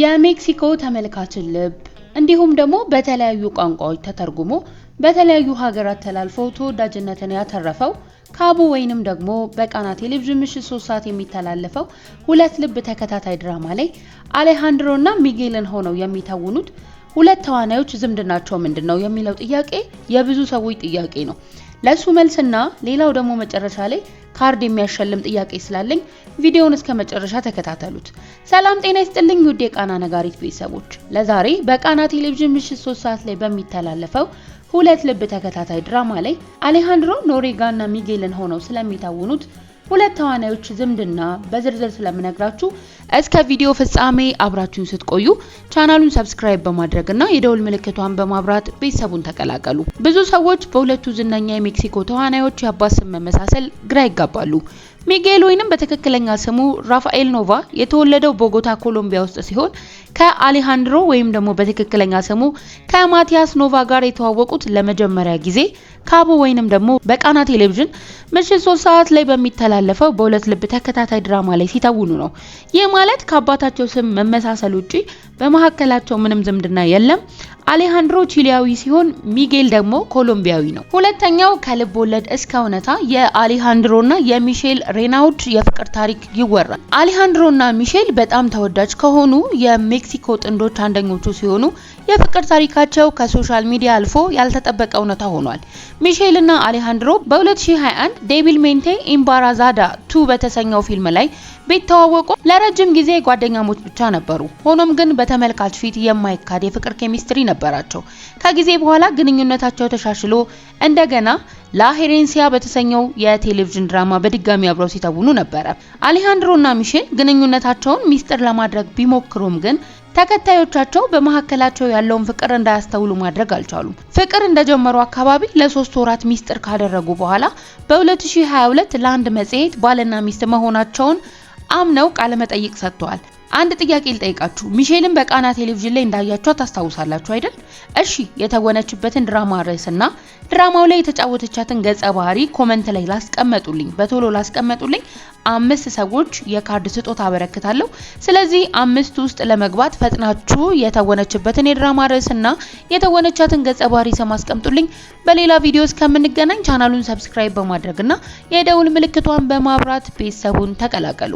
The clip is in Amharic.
የሜክሲኮ ተመልካችን ልብ እንዲሁም ደግሞ በተለያዩ ቋንቋዎች ተተርጉሞ በተለያዩ ሀገራት ተላልፎ ተወዳጅነትን ያተረፈው ካቡ ወይንም ደግሞ በቃና ቴሌቪዥን ምሽት ሶስት ሰዓት የሚተላለፈው ሁለት ልብ ተከታታይ ድራማ ላይ አሌሃንድሮ እና ሚጌልን ሆነው የሚተውኑት ሁለት ተዋናዮች ዝምድናቸው ምንድን ነው የሚለው ጥያቄ የብዙ ሰዎች ጥያቄ ነው። ለእሱ መልስና ሌላው ደግሞ መጨረሻ ላይ ካርድ የሚያሸልም ጥያቄ ስላለኝ ቪዲዮውን እስከ መጨረሻ ተከታተሉት። ሰላም ጤና ይስጥልኝ ውድ የቃና ነጋሪት ቤተሰቦች፣ ለዛሬ በቃና ቴሌቪዥን ምሽት 3 ሰዓት ላይ በሚተላለፈው ሁለት ልብ ተከታታይ ድራማ ላይ አሌሃንድሮ ኖሬጋና ሚጌልን ሆነው ስለሚታውኑት ሁለት ተዋናዮች ዝምድና በዝርዝር ስለምነግራችሁ እስከ ቪዲዮ ፍጻሜ አብራችሁን ስትቆዩ ቻናሉን ሰብስክራይብ በማድረግና የደውል ምልክቷን በማብራት ቤተሰቡን ተቀላቀሉ። ብዙ ሰዎች በሁለቱ ዝነኛ የሜክሲኮ ተዋናዮች የአባት ስም መመሳሰል ግራ ይጋባሉ። ሚጌል ወይንም በትክክለኛ ስሙ ራፋኤል ኖቫ የተወለደው ቦጎታ ኮሎምቢያ ውስጥ ሲሆን ከአሌሃንድሮ ወይም ደግሞ በትክክለኛ ስሙ ከማቲያስ ኖቫ ጋር የተዋወቁት ለመጀመሪያ ጊዜ ካቦ ወይንም ደግሞ በቃና ቴሌቪዥን ምሽት ሶስት ሰዓት ላይ በሚተላለፈው በሁለት ልብ ተከታታይ ድራማ ላይ ሲተውኑ ነው። ይህ ማለት ከአባታቸው ስም መመሳሰል ውጪ በመካከላቸው ምንም ዝምድና የለም። አሌሃንድሮ ቺሊያዊ ሲሆን ሚጌል ደግሞ ኮሎምቢያዊ ነው። ሁለተኛው ከልብ ወለድ እስከ እውነታ የአሌሃንድሮና የሚሼል ሬናውድ የፍቅር ታሪክ ይወራል። አሌሃንድሮና ሚሼል በጣም ተወዳጅ ከሆኑ የሜክሲኮ ጥንዶች አንደኞቹ ሲሆኑ የፍቅር ታሪካቸው ከሶሻል ሚዲያ አልፎ ያልተጠበቀ እውነታ ሆኗል። ሚሼልና አሌሃንድሮ በ2021 ዴቪል ሜንቴ ኢምባራዛዳ ቱ በተሰኘው ፊልም ላይ ቢተዋወቁ ለረጅም ጊዜ ጓደኛሞች ብቻ ነበሩ። ሆኖም ግን በተመልካች ፊት የማይካድ የፍቅር ኬሚስትሪ ነበር። ነበራቸው። ከጊዜ በኋላ ግንኙነታቸው ተሻሽሎ እንደገና ላሄሬንሲያ በተሰኘው የቴሌቪዥን ድራማ በድጋሚ አብረው ሲተውኑ ነበረ። አሌሃንድሮና ሚሼል ግንኙነታቸውን ሚስጥር ለማድረግ ቢሞክሩም ግን ተከታዮቻቸው በመካከላቸው ያለውን ፍቅር እንዳያስተውሉ ማድረግ አልቻሉም። ፍቅር እንደጀመሩ አካባቢ ለሶስት ወራት ሚስጥር ካደረጉ በኋላ በ2022 ለአንድ መጽሔት ባልና ሚስት መሆናቸውን አምነው ቃለመጠይቅ ሰጥተዋል። አንድ ጥያቄ ልጠይቃችሁ። ሚሼልን በቃና ቴሌቪዥን ላይ እንዳያችኋት ታስታውሳላችሁ አይደል? እሺ፣ የተወነችበትን ድራማ ርዕስና ድራማው ላይ የተጫወተቻትን ገጸ ባህሪ ኮመንት ላይ ላስቀመጡልኝ፣ በቶሎ ላስቀመጡልኝ አምስት ሰዎች የካርድ ስጦታ አበረክታለሁ። ስለዚህ አምስት ውስጥ ለመግባት ፈጥናችሁ የተወነችበትን የድራማ ርዕስና የተወነቻትን ገጸ ባህሪ ስም አስቀምጡልኝ። በሌላ ቪዲዮ እስከምንገናኝ ቻናሉን ሰብስክራይብ በማድረግና የደውል ምልክቷን በማብራት ቤተሰቡን ተቀላቀሉ።